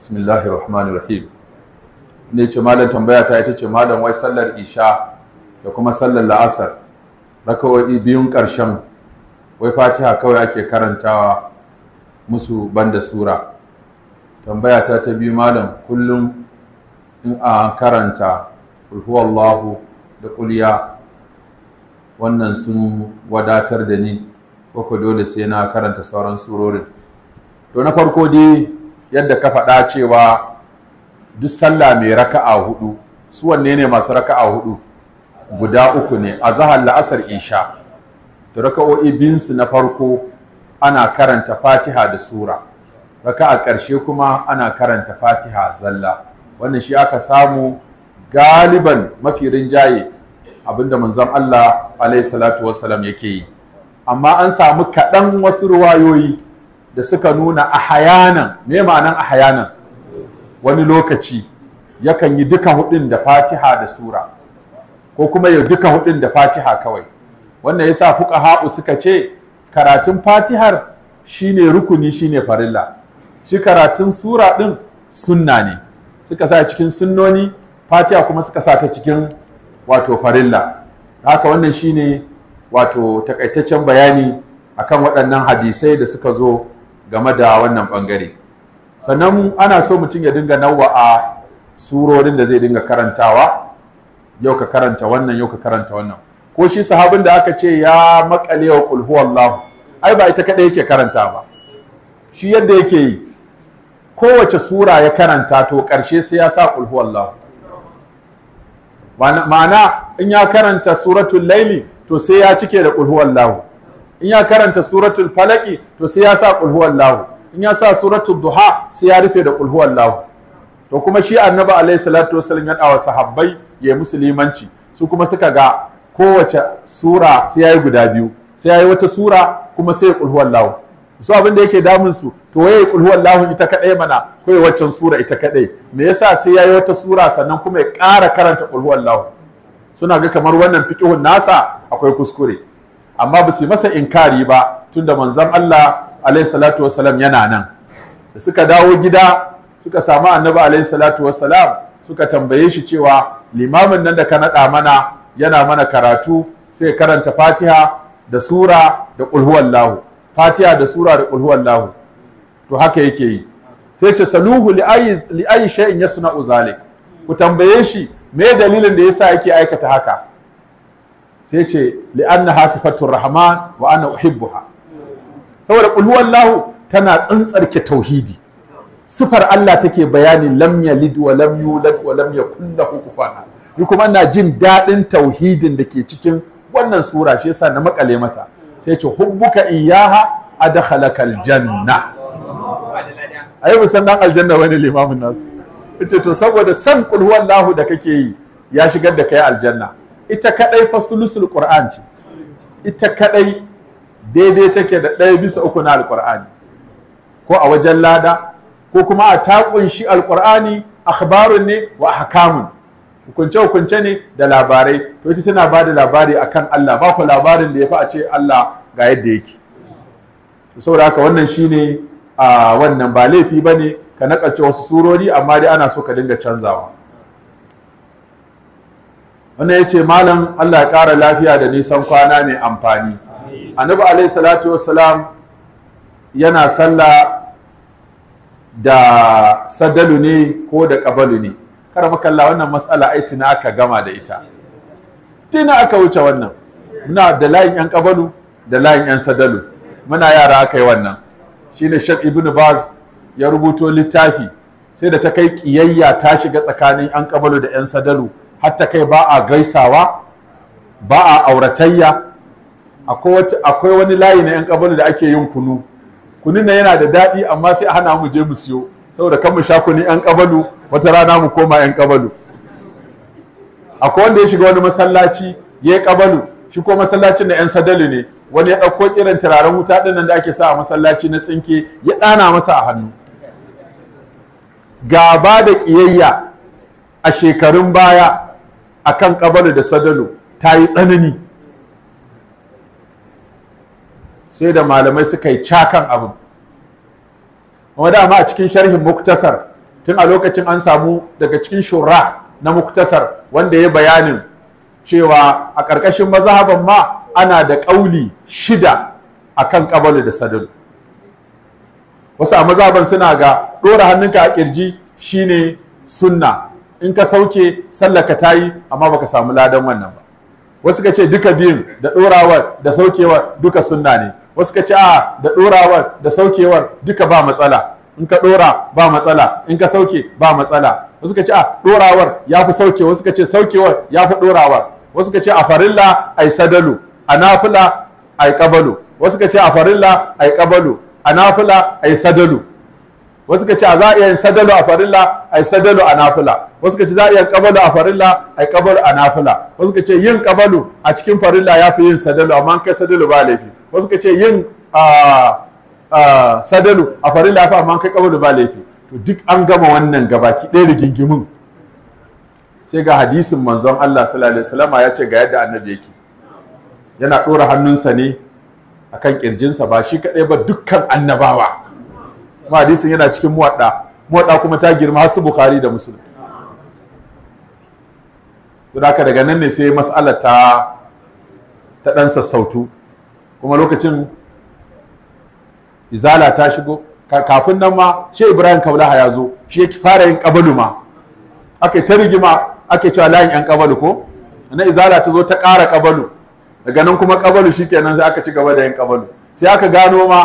bismillahir rahmanir ce malam tambaya ta ita ce malam wai sallar isha da kuma sallar la'asar rakawai biyun ƙarshen. wai fatiha kawai ake karantawa musu banda sura tambaya ta ta biyu malam kullum in a karanta Allahu da kuliya wannan sun wadatar da ni ko dole sai na karanta sauran surorin to na farko dai yadda ka faɗa cewa duk sallah mai raka'a hudu su wanne ne masu raka'a hudu guda uku ne a zahar la'asar isha to raka'o'i binsu na farko ana karanta fatiha da sura raka'a ƙarshe kuma ana karanta fatiha zalla wannan shi aka samu galiban mafi rinjaye abinda manzon Allah alaihi salatu wasalam yake yi amma an samu kaɗan wasu ruwayoyi da suka nuna a hayanan me ma'anan a hayanan wani lokaci yakan yi duka hudun da fatiha da sura ko kuma ya duka hudun da fatiha kawai wannan yasa haɓu suka ce karatun fatihar shine rukuni shine farilla shi karatun sura ɗin sunna ne suka sa cikin sunnoni fatiha kuma suka sa ta cikin wato farilla haka wannan shine wato takaitaccen bayani akan waɗannan hadisai da suka zo game da wannan bangare sannan ana so mutum ya dinga a surorin da zai dinga karantawa yau ka karanta wannan yau ka karanta wannan ko shi sahabin da aka ce ya makale wa kulhu Allah ai ba ita kadai yake karanta ba shi yadda yake yi kowace sura ya karanta to karshe sai ya sa kulhu Allah ma'ana in ya karanta suratul laili to sai ya cike da kulhu Allah in ya karanta suratul falaki to sai ya sa kulhuwan lahu in ya sa suratul duha sai ya rufe da kulhuwan lahu to kuma shi annabi alaihi salatu wasallam ya dawo sahabbai ya musulmanci su kuma suka ga kowace sura sai yayi guda biyu sai yayi wata sura kuma sai kulhuwan lahu su abin da yake damun su to waye kulhuwan lahu ita kadai mana ko waccan sura ita kadai me yasa sai yayi wata sura sannan kuma ya kara karanta kulhuwan lahu suna ga kamar wannan fiqhun nasa akwai kuskure amma ba su masa inkari ba tunda manzan Allah yana nan da suka dawo gida suka samu annabi suka tambaye shi cewa limamin nan da ka naɗa mana yana mana karatu sai karanta fatiha da sura da ƙulhuwallahu fatiha da sura da ƙulhuwallahu to haka yake yi sai ce saluhu li'ayi ayi shay'in na uzalik ku tambaye shi me dalilin da yasa yake aikata haka sai ce li'anna hasifatur rahman wa ana uhibbuha saboda qul lahu tana tsantsarke tauhidi sifar Allah take bayani lam yalid wa lam yulad wa lam yakul lahu kufuwan ni kuma ina jin daɗin tauhidin da ke cikin wannan sura shi yasa na makale mata sai ce hubbuka iyaha adkhalakal janna ayi musannan aljanna wani limamin nasu ce to saboda san qul lahu da kake yi ya shigar da kai aljanna ita kadai fa sulusul qur'an ce ita kadai daidai take da ɗaya bisa uku na alqur'ani ko a wajen lada ko kuma a ta kunshi alqur'ani akhbarun ne wa ahkamun hukunce hukunce ne da labarai to ita tana ba da labari akan Allah ba ku labarin da ya fi a ce Allah ga yadda yake saboda haka wannan shine a wannan ba laifi bane ka nakalce wasu surori amma dai ana so ka dinga canzawa wanda ya ce malam allah ya ƙara lafiya da nisan kwana mai amfani annabi alaihi salatu wassalam yana sallah da sadalu ne ko da ƙabalu ne kar makalla wannan matsala ai tuna aka gama da ita tuna aka wuce wannan muna da layin yan ƙabalu da layin yan sadalu muna yara aka yi wannan shine shek ibn baz ya rubuto littafi sai da ta kai kiyayya ta shiga tsakanin yan ƙabalu da yan sadalu hatta kai ba a gaisawa ba a auratayya akwai wani layi na 'yan kabalu da ake yin kunu kunun nan yana da daɗi amma sai a hana mu je mu siyo saboda kan mu sha kunu 'yan kabalu wata rana mu koma 'yan kabalu akwai wanda ya shiga wani masallaci ya yi kabalu shi ko masallacin da 'yan sadalu ne wani ya ɗauko irin turaren wuta ɗin nan da ake sa a masallaci na tsinke ya ɗana masa a hannu gaba da ƙiyayya a shekarun baya akan ƙabalu da sadalu ta yi tsanani sai da malamai suka yi cakan abin kuma dama a cikin sharhin muktasar tun a lokacin an samu daga cikin shura na muktasar wanda ya bayanin cewa a ƙarƙashin mazhaban ma ana da ƙauli shida a kan ƙabalu da sadalu. wasu a mazaban suna ga ɗora hannunka a ƙirji shine sunna in ka sauke sallaka ta yi amma baka samu ladan wannan ba wasu ka ce duka biyun da ɗorawar da saukewar duka sunna ne wasu ka ce a da ɗorawar da saukewar duka ba matsala in ka ɗora ba matsala in ka sauke ba matsala wasu ka ce a ɗorawar ya fi sauke wasu ka ce saukewar ya fi ɗorawar wasu ka ce a farilla ai sadalu a nafila ai kabalu wasu ka ce a farilla ai kabalu a nafila ai sadalu wasu ka ce za a iya yin sadalu a farilla a yi sadalu a nafila wasu ka ce za a iya kabalo a farilla a yi kabalo a nafila wasu ka ce yin kabalo a cikin farilla ya fi yin sadalu amma kai sadalu ba laifi wasu ka ce yin sadalu a farilla ya fi amma kai kabalo ba laifi to duk an gama wannan gabaki ɗaya rigingimin sai ga hadisin manzon Allah sallallahu alaihi wasallam ya ce ga yadda annabi yake yana ɗora hannunsa ne akan kirjinsa ba shi kaɗai ba dukkan annabawa kuma hadisin yana cikin muwadda muwadda kuma ta girma har su bukhari da muslim don haka daga nan ne sai mas'alar ta ta dan sassautu kuma lokacin izala ta shigo kafin nan ma shi ibrahim kaulaha ya zo shi ya fara yin kabalu ma ake ta rigima ake cewa layin yan kabalu ko na izala ta zo ta kara kabalu daga nan kuma kabalu shikenan sai aka ci gaba da yin kabalu sai aka gano ma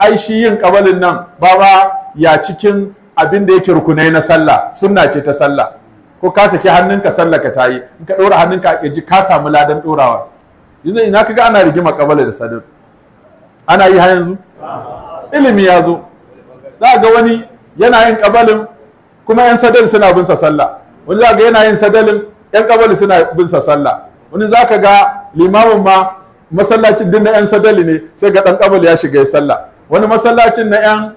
ai shi yin kabalin nan Baba ya cikin abin da yake rukunai na sallah sunna ce ta sallah ko ka saki hannunka sallah ka tayi in ka dora hannunka a ka samu ladan dorawa yanzu ina kaga ana rigima kabala da sadar ana yi ha yanzu ilimi ya zo za ga wani yana yin kabalin kuma yan sadar suna bin sa sallah wani za ga yana yin sadalin yan kabali suna bin sa sallah wani za ka ga limamin ma masallacin din na yan sadali ne sai ga dan kabali ya shiga ya sallah wani masallacin na yan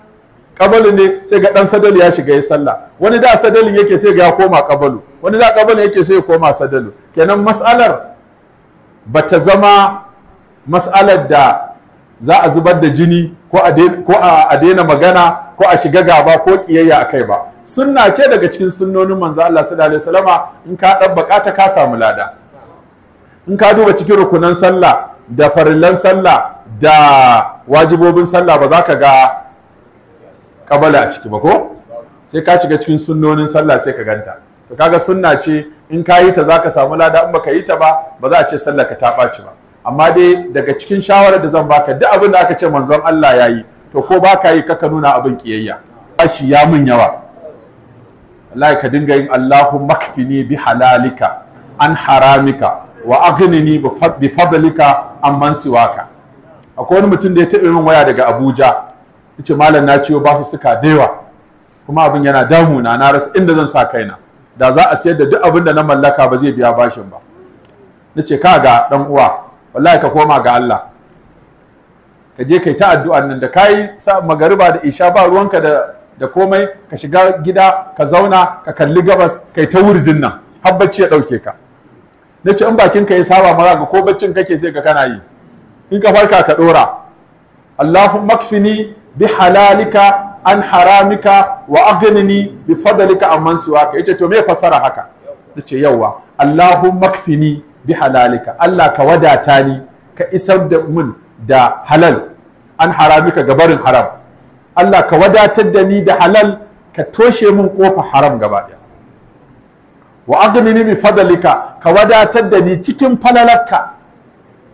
kabalu ne sai ga ɗan sadalu ya shiga ya sallah wani da sadalu yake sai ga ya koma kabalu wani da kabalu yake sai ya koma sadalu kenan mas'alar ba ta zama mas'alar da za a zubar da jini ko a daina magana ko a shiga gaba ko kiyayya a kai ba sunna ce daga cikin sunnonin manzo Allah sallallahu alaihi in ka dan ta ka samu lada in ka duba cikin rukunan sallah da farillan sallah da wajibobin sallah ba za ka ga kabala a ciki ba ko sai ka shiga cikin sunnonin sallah sai ka ganta to kaga sunna ce in ka yi ta za ka samu lada in baka yi ta ba ba za a ce sallah ka ta ɓaci ba amma dai daga cikin shawarar da zan baka duk abin da aka ce manzon Allah ya yi to ko ba ka yi kaka nuna abin kiyayya bashi ya mun yawa wallahi ka dinga yin Allahu makfini bi halalika an haramika wa aghnini bi fadlika amman siwaka akwai wani mutum da ya taɓa min waya daga abuja yace malam na ciwo basu suka da kuma abin yana damuna na rasa inda zan sa kaina da za a sayar da duk abin da na mallaka ba zai biya bashin ba nace ka ga dan uwa wallahi ka koma ga Allah ka je kai ta addu'an nan da kayi magariba da isha ba ruwanka da da komai ka shiga gida ka zauna ka kalli gabas kai ta wurdin nan har bacci ya dauke ka nace in bakin ka ya saba maza ga ko baccin kake sai ka kana yi in ka farka ka dora Allahun makfini bi halalika an haramika wa agnini bi fadlika mansuwa ka ita to me fasara haka ce yawa Allahun makfini bi halalika Allah ka wadata ni ka isar da mun da halal an haramika gabarin haram Allah ka wadatar da ni da halal ka toshe mun kofa haram gaba daya wa agnini bi fadalika ka wadatar da ni cikin falalarka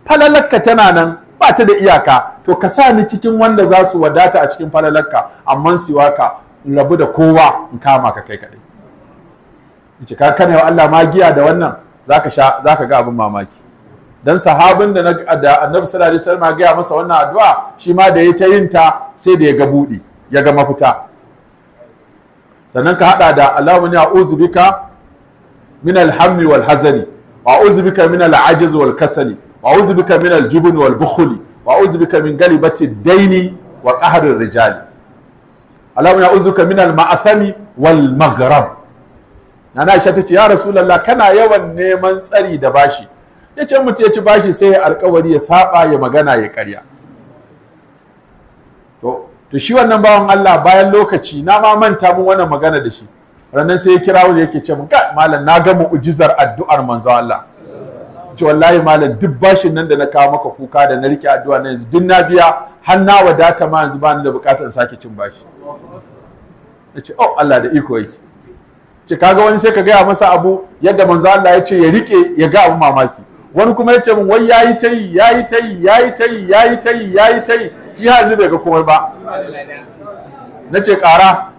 falalakka tana nan ba ta da iyaka to ka sa ni cikin wanda za su wadata a cikin falalakka amma ka rabu da kowa in kama ka kai kaɗai yace ka kana wa Allah magiya da wannan zaka sha ga abin mamaki dan sahabin da Annabi sallallahu alaihi wasallam masa wannan addu'a shi ma da ya ta yin ta sai da ya ga budi ya ga mafita sannan ka haɗa da Allahumma ya bika minal alhammi wal hazani wa minal min al wal kasali wa uzu bika min wal bukhuli wa uzu kamin min galibati daini wa qahrir rijali Allahumma ya'uzuka min al ma'athami wal maghrab nana Aisha tace ya rasulullah kana yawan neman tsari da bashi yace mutum ya ci bashi sai ya alkawari ya saba ya magana ya karya to to shi wannan bawan Allah bayan lokaci na ma manta mun wannan magana da shi ranan sai ya kira da yake ce mun malam na ga ujizar addu'ar manzo Allah ce wallahi malam duk bashin nan da na kawo maka kuka da na rike addu'a na yanzu duk na biya har na wadata ma yanzu bani da bukatar sake cin bashi ce oh Allah da iko yake ce kaga wani sai ka gaya masa abu yadda manzo Allah ya ce ya rike ya ga abu mamaki wani kuma ya ce min wai yayi yi, yayi yi yayi yi, yayi yi yayi yi. shi yanzu bai ga komai ba na ce kara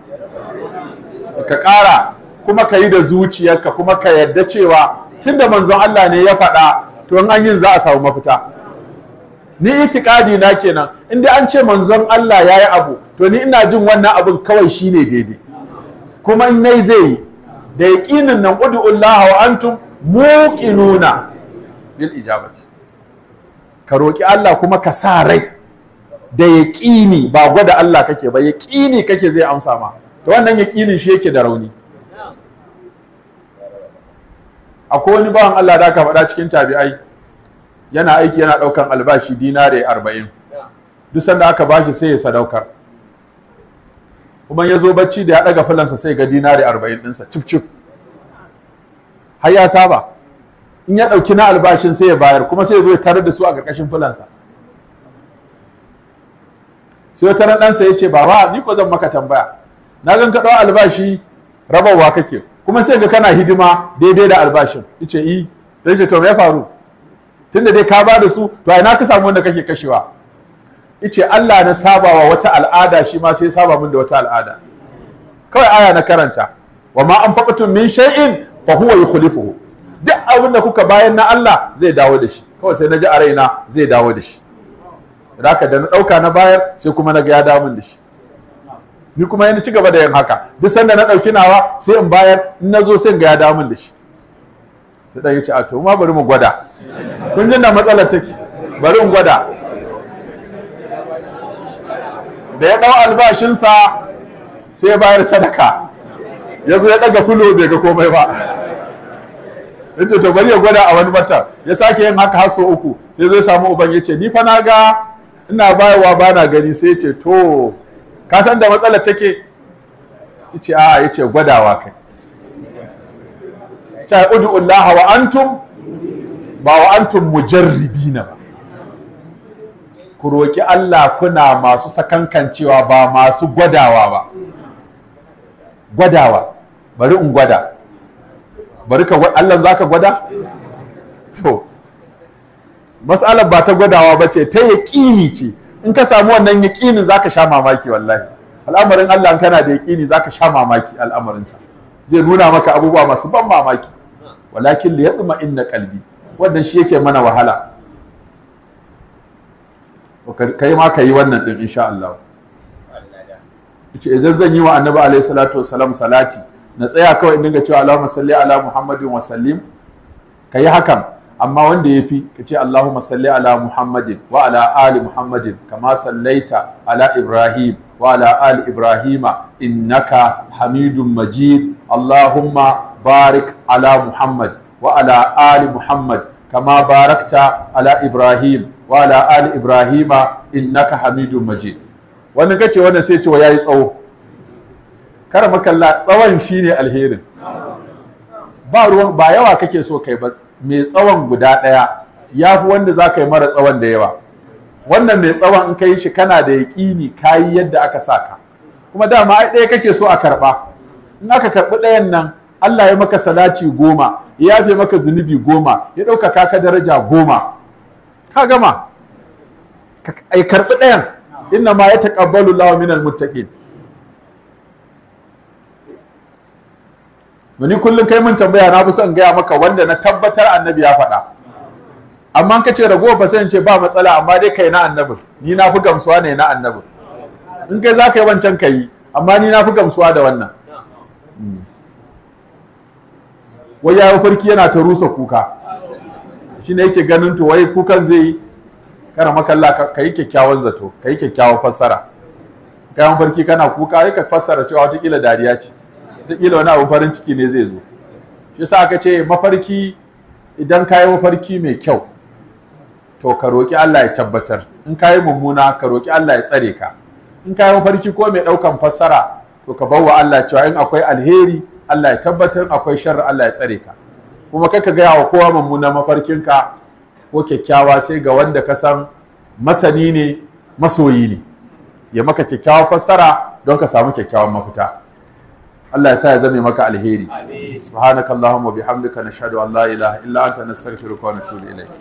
ka ƙara kuma ka yi da zuciyarka kuma ka yarda cewa tun da manzon Allah ne ya faɗa to in an yin za a samu mafita ni itikadi na kenan in dai an ce manzon Allah ya yi abu to ni ina jin wannan abin kawai shi ne daidai kuma in nai zai yi da yaƙinin nan Allah wa antum nuna, bil ijabati ka roƙi Allah kuma ka sa rai da yaƙini ba gwada Allah kake ba yaƙini kake zai amsa ma to wannan yaƙinin shi yake da rauni akwai wani bawan Allah da aka faɗa cikin tabi'ai yana aiki yana ɗaukan albashi dinare arba'in duk sanda aka bashi sai ya sadaukar kuma ya zo bacci da ya ɗaga filansa sai ga dinare arba'in ɗinsa cif cif har ya saba in ya ɗauki na albashin sai ya bayar kuma sai ya zo ya tarar da su a ƙarƙashin filansa sai wata ɗansa ya ce baba ni ko zan maka tambaya na gan ka ɗau albashi rabawa kake kuma sai ga kana hidima daidai da albashin yace i eh. sai ce to me ya faru tunda dai ka ba da su to ina ka samu wanda kake kashewa yace Allah na sabawa wata al'ada shi ma sai saba mun da wata al'ada kawai aya na karanta wa ma an faqatum min shay'in fa huwa yukhlifuhu duk abin da kuka bayan na Allah zai dawo da shi kawai sai na ji a raina zai dawo da shi da da na ɗauka na bayar sai kuma na ga ya damun da shi ni kuma yana ci gaba da yin haka duk sanda na ɗauki nawa sai in bayar in na sai ga ya damun da shi sai ɗan ya a to ma bari mu gwada kun jin da matsalar take bari mu gwada da ya ɗau albashinsa sai ya bayar sadaka ya zo ya ɗaga fulo bai ga komai ba ya ce to bari ya gwada a wani matar ya sake yin haka har uku sai zai samu uban ya ce ni fa na ga ina bayarwa ba na gani sai ya ce to ka san da matsalar take yace a yace gwadawa kai ta ud'u Allah wa antum ba wa antum mujarribina ba ku roki Allah kuna masu sakankancewa ba masu gwadawa ba gwadawa bari in gwada bari ka Allah zaka gwada to mas'alar ba ta gwadawa ba ce ta yaƙini ce in ka samu wannan yaƙinin zaka sha mamaki wallahi al'amarin Allah kana da yaƙini zaka sha mamaki al'amarinsa zai nuna maka abubuwa masu ban mamaki walakin li yadma inna qalbi wannan shi yake mana wahala kai ma ka yi wannan din insha Allah ce idan zan yi wa annabi alaihi salatu Salam salati na tsaya kawai in dinga cewa Allahumma salli ala Muhammadin wa sallim kai hakan amma wanda ya fi ka ce Allahumma salli ala Muhammadin wa ala ali Muhammadin kama sallaita ala Ibrahim wa ala ali Ibrahima innaka hamidun majid Allahumma barik ala Muhammad wa ala ali Muhammad kama barakta ala Ibrahim wa ala ali Ibrahima innaka hamidun majid wannan kace wannan sai ce wa yayi tsawo kar makalla tsawon shine alherin ba ruwan ba yawa kake so kai ba mai tsawon guda daya. ya fi wanda za ka yi mara tsawon da yawa wannan mai tsawon in ka shi kana da yaƙini ka yi yadda aka sa ka kuma dama ai ɗaya kake so a karɓa in aka karɓi ɗayan nan Allah ya maka salati goma ya yafe maka zunubi goma ya ɗaukaka ka daraja goma ka gama ka karɓi ɗayan inna ma ya taƙabbalu lawa minal muttaqin ni kullum kai mun tambaya na fi son gaya maka wanda na tabbatar annabi ya faɗa amma ka ce ragowar ba sai ce ba matsala amma dai kai na annabin ni na fi gamsuwa ne na annabin in kai za ka yi wancan ka yi amma ni na fi gamsuwa da wannan hmm. wai ya farki yana ta rusa kuka shi ne yake ganin to wai kukan zai yi kana makalla ka yi kyakkyawan zato ka yi kyakkyawan fassara kayan farki kana kuka ka fassara cewa watakila dariya ce wataƙila wani abu farin ciki ne zai zo shi sa aka ce mafarki idan ka yi mafarki mai kyau to ka roƙi Allah ya tabbatar in ka yi mummuna ka roƙi Allah ya tsare ka in ka yi mafarki ko mai ɗaukan fassara to ka bawa Allah cewa in akwai alheri Allah ya tabbatar akwai sharri Allah ya tsare ka kuma kai ka gaya wa kowa mummuna mafarkinka ko kyakkyawa sai ga wanda ka san masani ne masoyi ne ya maka kyakkyawa fassara don ka samu kyakkyawan mafita Allah ya sa ya zame maka alheri subhanaka allahumma bihamdika nashhadu an la ilaha illa anta nastaghfiruka wa natubu ilayk